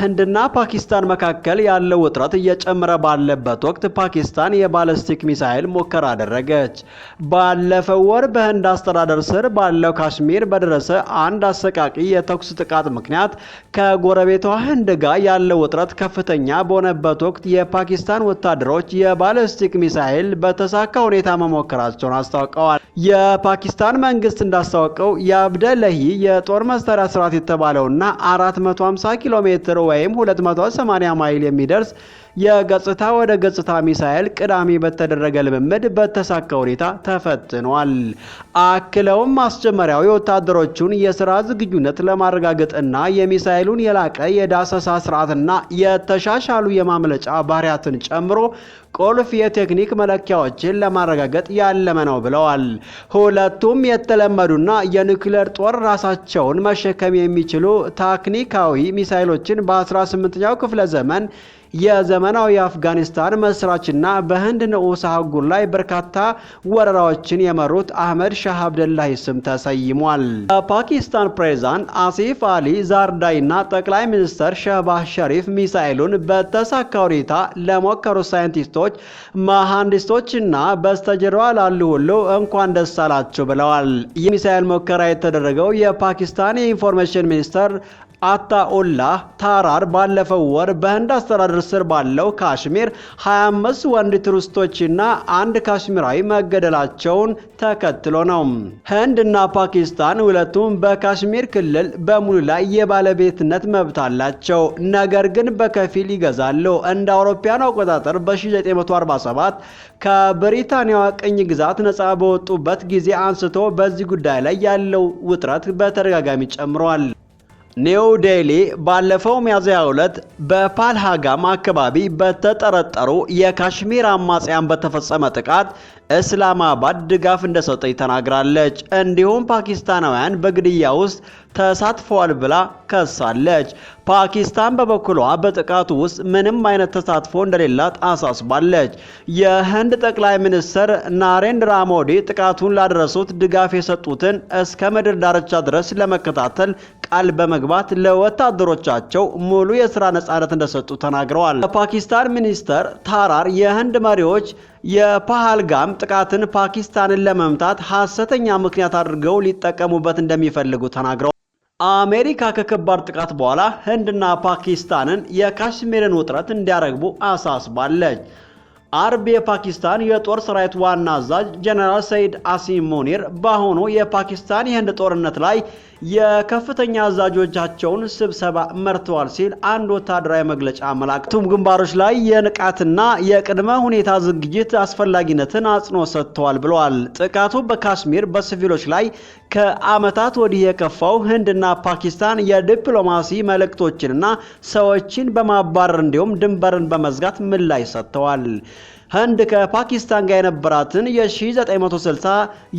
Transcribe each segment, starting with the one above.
በህንድና ፓኪስታን መካከል ያለው ውጥረት እየጨመረ ባለበት ወቅት ፓኪስታን የባለስቲክ ሚሳይል ሙከራ አደረገች። ባለፈው ወር በህንድ አስተዳደር ስር ባለው ካሽሚር በደረሰ አንድ አሰቃቂ የተኩስ ጥቃት ምክንያት ከጎረቤቷ ህንድ ጋር ያለው ውጥረት ከፍተኛ በሆነበት ወቅት የፓኪስታን ወታደሮች የባለስቲክ ሚሳይል በተሳካ ሁኔታ መሞከራቸውን አስታውቀዋል። የፓኪስታን መንግስት እንዳስታወቀው የአብደለሂ የጦር መሳሪያ ስርዓት የተባለውና 450 ኪሎ ሜትር ወይም 280 ማይል የሚደርስ የገጽታ ወደ ገጽታ ሚሳኤል ቅዳሜ በተደረገ ልምምድ በተሳካ ሁኔታ ተፈትኗል። አክለውም ማስጀመሪያው የወታደሮቹን የስራ ዝግጁነት ለማረጋገጥና የሚሳኤሉን የላቀ የዳሰሳ ስርዓትና የተሻሻሉ የማምለጫ ባህሪያትን ጨምሮ ቁልፍ የቴክኒክ መለኪያዎችን ለማረጋገጥ ያለመ ነው ብለዋል። ሁለቱም የተለመዱና የኒውክሌር ጦር ራሳቸውን መሸከም የሚችሉ ታክኒካዊ ሚሳኤሎችን በ18ኛው ክፍለ ዘመን የዘመናዊ አፍጋኒስታን መስራችና በህንድ ንዑስ አህጉር ላይ በርካታ ወረራዎችን የመሩት አህመድ ሻህ አብደላሂ ስም ተሰይሟል። በፓኪስታን ፕሬዝዳንት አሲፍ አሊ ዛርዳይና ጠቅላይ ሚኒስትር ሸህባዝ ሸሪፍ ሚሳኤሉን በተሳካ ሁኔታ ለሞከሩ ሳይንቲስቶች፣ መሐንዲስቶችና በስተጀርባ ላሉ ሁሉ እንኳን ደስ አላችሁ ብለዋል። የሚሳኤል ሙከራ የተደረገው የፓኪስታን የኢንፎርሜሽን ሚኒስትር ኦላ ታራር ባለፈው ወር በህንድ አስተዳደር ስር ባለው ካሽሚር 25 ወንድ ቱሪስቶችና አንድ ካሽሚራዊ መገደላቸውን ተከትሎ ነው። ህንድ እና ፓኪስታን ሁለቱም በካሽሚር ክልል በሙሉ ላይ የባለቤትነት መብት አላቸው፣ ነገር ግን በከፊል ይገዛሉ። እንደ አውሮፓውያን አቆጣጠር በ1947 ከብሪታንያዋ ቅኝ ግዛት ነጻ በወጡበት ጊዜ አንስቶ በዚህ ጉዳይ ላይ ያለው ውጥረት በተደጋጋሚ ጨምሯል። ኒው ዴሊ ባለፈው ሚያዝያ ሁለት በፓልሃጋም አካባቢ በተጠረጠሩ የካሽሚር አማጽያን በተፈጸመ ጥቃት እስላማባድ ድጋፍ እንደሰጠች ተናግራለች። እንዲሁም ፓኪስታናውያን በግድያ ውስጥ ተሳትፈዋል ብላ ከሳለች። ፓኪስታን በበኩሏ በጥቃቱ ውስጥ ምንም አይነት ተሳትፎ እንደሌላት አሳስባለች። የህንድ ጠቅላይ ሚኒስትር ናሬንድራ ሞዲ ጥቃቱን ላደረሱት ድጋፍ የሰጡትን እስከ ምድር ዳርቻ ድረስ ለመከታተል ቃል በመግባት ለወታደሮቻቸው ሙሉ የስራ ነጻነት እንደሰጡ ተናግረዋል። በፓኪስታን ሚኒስተር ታራር የህንድ መሪዎች የፓህልጋም ጥቃትን ፓኪስታንን ለመምታት ሐሰተኛ ምክንያት አድርገው ሊጠቀሙበት እንደሚፈልጉ ተናግረዋል። አሜሪካ ከከባድ ጥቃት በኋላ ህንድና ፓኪስታንን የካሽሚርን ውጥረት እንዲያረግቡ አሳስባለች። አርብ የፓኪስታን የጦር ሰራዊት ዋና አዛዥ ጀነራል ሰይድ አሲም ሞኒር በአሁኑ የፓኪስታን የህንድ ጦርነት ላይ የከፍተኛ አዛዦቻቸውን ስብሰባ መርተዋል ሲል አንድ ወታደራዊ መግለጫ አመላክቱም ግንባሮች ላይ የንቃትና የቅድመ ሁኔታ ዝግጅት አስፈላጊነትን አጽንኦት ሰጥተዋል ብለዋል። ጥቃቱ በካሽሚር በሲቪሎች ላይ ከዓመታት ወዲህ የከፋው ህንድና ፓኪስታን የዲፕሎማሲ መልእክቶችንና ሰዎችን በማባረር እንዲሁም ድንበርን በመዝጋት ምላሽ ሰጥተዋል። ህንድ ከፓኪስታን ጋር የነበራትን የ1960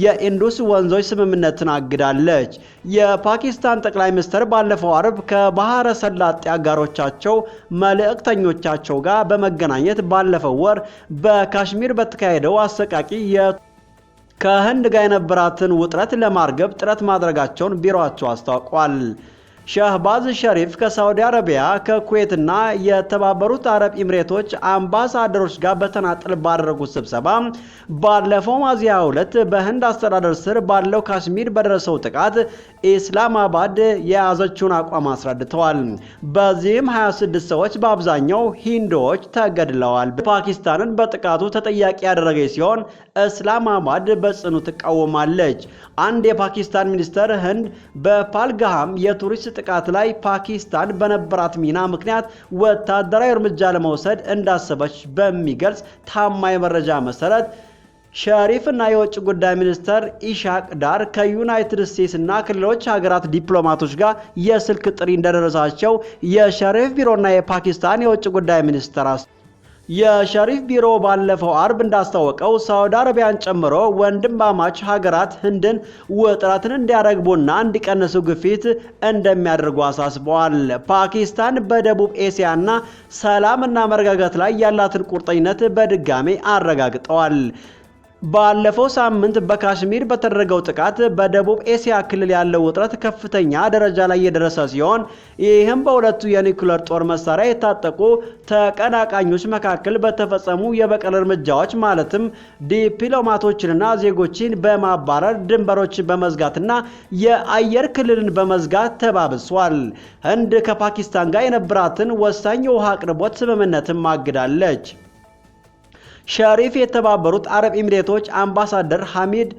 የኢንዱስ ወንዞች ስምምነትን አግዳለች። የፓኪስታን ጠቅላይ ሚኒስትር ባለፈው አርብ ከባህረ ሰላጤ አጋሮቻቸው መልእክተኞቻቸው ጋር በመገናኘት ባለፈው ወር በካሽሚር በተካሄደው አሰቃቂ የ ከህንድ ጋር የነበራትን ውጥረት ለማርገብ ጥረት ማድረጋቸውን ቢሮአቸው አስታውቋል። ሸህባዝ ሸሪፍ ከሳዑዲ አረቢያ ከኩዌትና የተባበሩት አረብ ኢምሬቶች አምባሳደሮች ጋር በተናጠል ባደረጉት ስብሰባ ባለፈው ሚያዝያ ሁለት በህንድ አስተዳደር ስር ባለው ካሽሚር በደረሰው ጥቃት ኢስላማባድ የያዘችውን አቋም አስረድተዋል። በዚህም 26 ሰዎች በአብዛኛው ሂንዶዎች ተገድለዋል። ፓኪስታንን በጥቃቱ ተጠያቂ ያደረገች ሲሆን እስላማባድ በጽኑ ትቃወማለች። አንድ የፓኪስታን ሚኒስተር ህንድ በፓልጋሃም የቱሪስት ጥቃት ላይ ፓኪስታን በነበራት ሚና ምክንያት ወታደራዊ እርምጃ ለመውሰድ እንዳሰበች በሚገልጽ ታማኝ መረጃ መሰረት ሸሪፍ እና የውጭ ጉዳይ ሚኒስተር ኢሻቅ ዳር ከዩናይትድ ስቴትስ እና ከሌሎች ሀገራት ዲፕሎማቶች ጋር የስልክ ጥሪ እንደደረሳቸው የሸሪፍ ቢሮና የፓኪስታን የውጭ ጉዳይ ሚኒስተር የሸሪፍ ቢሮ ባለፈው አርብ እንዳስታወቀው ሳውዲ አረቢያን ጨምሮ ወንድማማች ሀገራት ህንድን ውጥረትን እንዲያረግቡና እንዲቀንሱ ግፊት እንደሚያደርጉ አሳስበዋል። ፓኪስታን በደቡብ ኤስያና ሰላምና መረጋጋት ላይ ያላትን ቁርጠኝነት በድጋሜ አረጋግጠዋል። ባለፈው ሳምንት በካሽሚር በተደረገው ጥቃት በደቡብ ኤስያ ክልል ያለው ውጥረት ከፍተኛ ደረጃ ላይ የደረሰ ሲሆን ይህም በሁለቱ የኒኩለር ጦር መሳሪያ የታጠቁ ተቀናቃኞች መካከል በተፈጸሙ የበቀል እርምጃዎች ማለትም ዲፕሎማቶችንና ዜጎችን በማባረር ድንበሮችን በመዝጋትና የአየር ክልልን በመዝጋት ተባብሷል። ህንድ ከፓኪስታን ጋር የነበራትን ወሳኝ የውሃ አቅርቦት ስምምነትም አግዳለች። ሸሪፍ የተባበሩት አረብ ኤሚሬቶች አምባሳደር ሐሚድ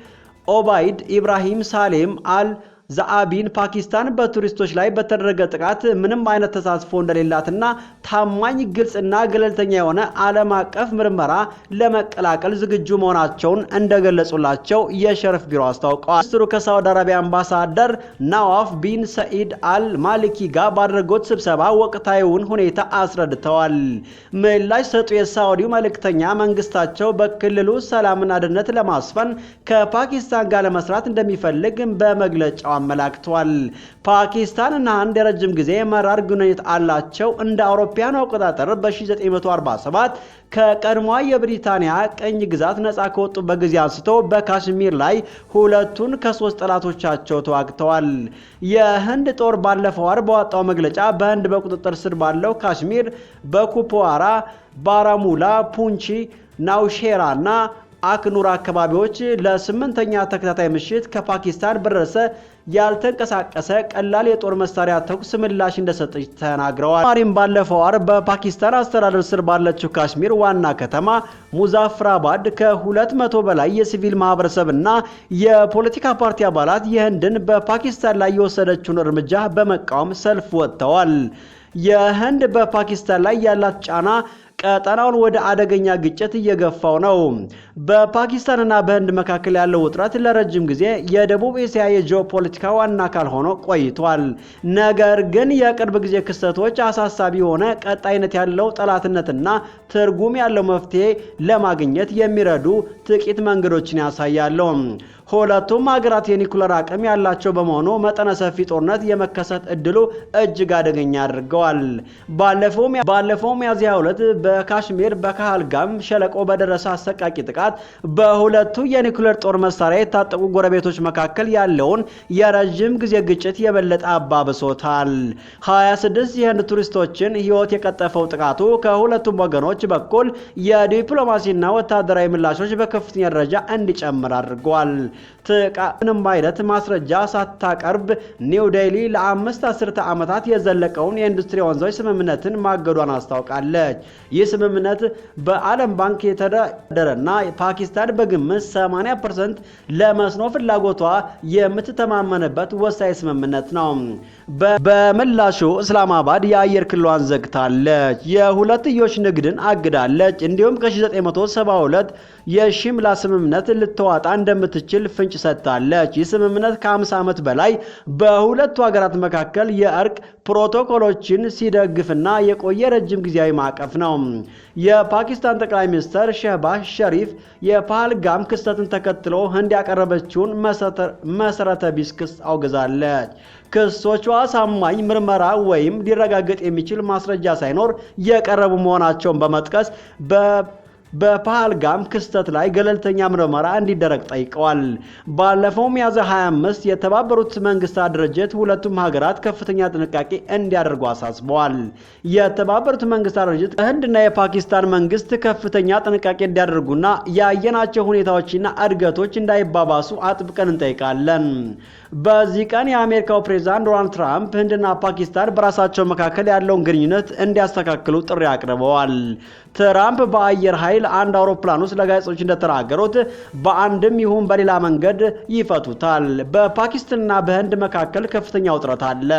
ኦባይድ ኢብራሂም ሳሌም አል ዛአቢን ፓኪስታን በቱሪስቶች ላይ በተደረገ ጥቃት ምንም አይነት ተሳትፎ እንደሌላትና ታማኝ ግልጽና ገለልተኛ የሆነ ዓለም አቀፍ ምርመራ ለመቀላቀል ዝግጁ መሆናቸውን እንደገለጹላቸው የሸርፍ ቢሮ አስታውቀዋል። ሚኒስትሩ ከሳውዲ አረቢያ አምባሳደር ናዋፍ ቢን ሰኢድ አል ማሊኪ ጋር ባደረጉት ስብሰባ ወቅታዊውን ሁኔታ አስረድተዋል። ምላሽ ሰጡ የሳውዲው መልእክተኛ መንግስታቸው በክልሉ ሰላምና ደህንነት ለማስፈን ከፓኪስታን ጋር ለመስራት እንደሚፈልግ በመግለጫው አመላክቷል። እና ህንድ የረጅም ጊዜ መራር ግንኙነት አላቸው። እንደ አውሮፓውያኑ አቆጣጠር በ1947 ከቀድሞዋ የብሪታንያ ቅኝ ግዛት ነጻ ከወጡበት ጊዜ አንስቶ በካሽሚር ላይ ሁለቱን ከሶስት ጠላቶቻቸው ተዋግተዋል። የህንድ ጦር ባለፈው ወር በወጣው መግለጫ በህንድ በቁጥጥር ስር ባለው ካሽሚር በኩፖዋራ፣ ባራሙላ፣ ፑንቺ፣ ናውሼራ እና አክኑር አካባቢዎች ለስምንተኛ ተከታታይ ምሽት ከፓኪስታን በደረሰ ያልተንቀሳቀሰ ቀላል የጦር መሳሪያ ተኩስ ምላሽ እንደሰጠች ተናግረዋል። ማሪም ባለፈው አርብ በፓኪስታን አስተዳደር ስር ባለችው ካሽሚር ዋና ከተማ ሙዛፍራባድ ከ200 በላይ የሲቪል ማህበረሰብና የፖለቲካ ፓርቲ አባላት የህንድን በፓኪስታን ላይ የወሰደችውን እርምጃ በመቃወም ሰልፍ ወጥተዋል። የህንድ በፓኪስታን ላይ ያላት ጫና ቀጠናውን ወደ አደገኛ ግጭት እየገፋው ነው። በፓኪስታንና በህንድ መካከል ያለው ውጥረት ለረጅም ጊዜ የደቡብ ኤስያ የጂኦፖለቲካ ዋና አካል ሆኖ ቆይቷል። ነገር ግን የቅርብ ጊዜ ክስተቶች አሳሳቢ የሆነ ቀጣይነት ያለው ጠላትነትና ትርጉም ያለው መፍትሄ ለማግኘት የሚረዱ ጥቂት መንገዶችን ያሳያሉ። ሁለቱም ሀገራት የኒኩለር አቅም ያላቸው በመሆኑ መጠነ ሰፊ ጦርነት የመከሰት እድሉ እጅግ አደገኛ አድርገዋል። ባለፈው ሚያዝያ 2 በካሽሚር በካህልጋም ሸለቆ በደረሰ አሰቃቂ ጥቃት በሁለቱ የኒውክሌር ጦር መሳሪያ የታጠቁ ጎረቤቶች መካከል ያለውን የረዥም ጊዜ ግጭት የበለጠ አባብሶታል። 26 የህንድ ቱሪስቶችን ህይወት የቀጠፈው ጥቃቱ ከሁለቱም ወገኖች በኩል የዲፕሎማሲና ወታደራዊ ምላሾች በከፍተኛ ደረጃ እንዲጨምር አድርጓል። ምንም አይነት ማስረጃ ሳታቀርብ ኒው ዴሊ ለአምስት አስርተ ዓመታት የዘለቀውን የኢንዱስትሪ ወንዞች ስምምነትን ማገዷን አስታውቃለች። ይህ ስምምነት በዓለም ባንክ እና ፓኪስታን በግምት 80 ፐርሰንት ለመስኖ ፍላጎቷ የምትተማመንበት ወሳኝ ስምምነት ነው። በምላሹ እስላማባድ የአየር ክልሏን ዘግታለች፣ የሁለትዮሽ ንግድን አግዳለች፣ እንዲሁም ከ1972 የሽምላ ስምምነት ልትዋጣ እንደምትችል ፍንጭ ሰጥታለች። ይህ ስምምነት ከ50 ዓመት በላይ በሁለቱ ሀገራት መካከል የእርቅ ፕሮቶኮሎችን ሲደግፍና የቆየ ረጅም ጊዜያዊ ማዕቀፍ ነው። የፓኪስታን ጠቅላይ ሚኒስትር ሸህባዝ ሸሪፍ የፓህልጋም ክስተትን ተከትሎ ህንድ ያቀረበችውን መሰረተ ቢስ ክስ አውግዛለች። ክሶቹ አሳማኝ ምርመራ ወይም ሊረጋገጥ የሚችል ማስረጃ ሳይኖር የቀረቡ መሆናቸውን በመጥቀስ በፓህልጋም ክስተት ላይ ገለልተኛ ምርመራ እንዲደረግ ጠይቀዋል። ባለፈው ሚያዝያ 25 የተባበሩት መንግስታት ድርጅት ሁለቱም ሀገራት ከፍተኛ ጥንቃቄ እንዲያደርጉ አሳስበዋል። የተባበሩት መንግስታት ድርጅት ህንድና የፓኪስታን መንግስት ከፍተኛ ጥንቃቄ እንዲያደርጉና ያየናቸው ሁኔታዎችና እድገቶች እንዳይባባሱ አጥብቀን እንጠይቃለን። በዚህ ቀን የአሜሪካው ፕሬዚዳንት ዶናልድ ትራምፕ ህንድና ፓኪስታን በራሳቸው መካከል ያለውን ግንኙነት እንዲያስተካክሉ ጥሪ አቅርበዋል። ትራምፕ በአየር ኃይል አንድ አውሮፕላን ውስጥ ለጋዜጦች እንደተናገሩት በአንድም ይሁን በሌላ መንገድ ይፈቱታል። በፓኪስታንና በህንድ መካከል ከፍተኛ ውጥረት አለ።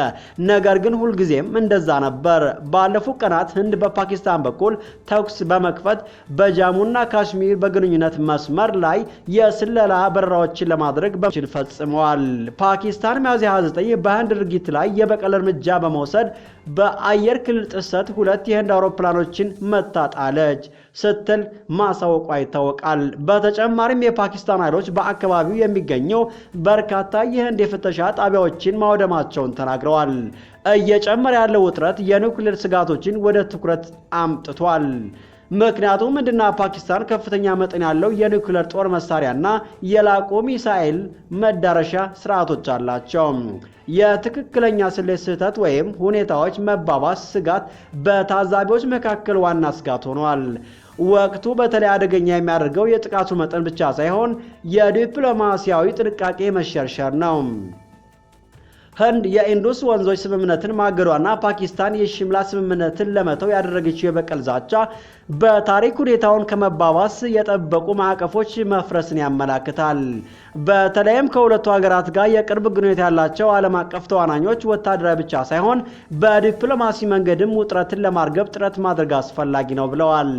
ነገር ግን ሁልጊዜም እንደዛ ነበር። ባለፉት ቀናት ህንድ በፓኪስታን በኩል ተኩስ በመክፈት በጃሙና ካሽሚር በግንኙነት መስመር ላይ የስለላ በረራዎችን ለማድረግ በችል ፈጽመዋል። ፓኪስታን ሚያዝያ 29 በህንድ ድርጊት ላይ የበቀል እርምጃ በመውሰድ በአየር ክልል ጥሰት ሁለት የህንድ አውሮፕላኖችን መታጣለች ስትል ማሳወቋ ይታወቃል። በተጨማሪም የፓኪስታን ኃይሎች በአካባቢው የሚገኘው በርካታ የህንድ የፍተሻ ጣቢያዎችን ማውደማቸውን ተናግረዋል። እየጨመረ ያለው ውጥረት የኑክሌር ስጋቶችን ወደ ትኩረት አምጥቷል። ምክንያቱም ህንድና ፓኪስታን ከፍተኛ መጠን ያለው የኒውክለር ጦር መሳሪያና የላቁ ሚሳኤል መዳረሻ ስርዓቶች አላቸው። የትክክለኛ ስሌት ስህተት ወይም ሁኔታዎች መባባስ ስጋት በታዛቢዎች መካከል ዋና ስጋት ሆኗል። ወቅቱ በተለይ አደገኛ የሚያደርገው የጥቃቱ መጠን ብቻ ሳይሆን የዲፕሎማሲያዊ ጥንቃቄ መሸርሸር ነው። ህንድ የኢንዱስ ወንዞች ስምምነትን ማገዷና ፓኪስታን የሽምላ ስምምነትን ለመተው ያደረገችው የበቀል ዛቻ በታሪክ ሁኔታውን ከመባባስ የጠበቁ ማዕቀፎች መፍረስን ያመላክታል። በተለይም ከሁለቱ ሀገራት ጋር የቅርብ ግንኙነት ያላቸው ዓለም አቀፍ ተዋናኞች ወታደራዊ ብቻ ሳይሆን በዲፕሎማሲ መንገድም ውጥረትን ለማርገብ ጥረት ማድረግ አስፈላጊ ነው ብለዋል።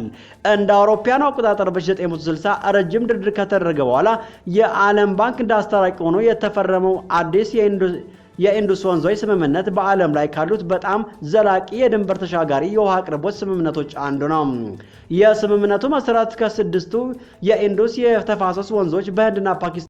እንደ አውሮፓውያን አቆጣጠር በ1960 ረጅም ድርድር ከተደረገ በኋላ የዓለም ባንክ እንዳስታራቂ ሆኖ የተፈረመው አዲስ የኢንዱስ ወንዞች ስምምነት በዓለም ላይ ካሉት በጣም ዘላቂ የድንበር ተሻጋሪ የውሃ አቅርቦት ስምምነቶች አንዱ ነው። የስምምነቱ መሰረት ከስድስቱ የኢንዱስ የተፋሰስ ወንዞች በህንድና ፓኪስታን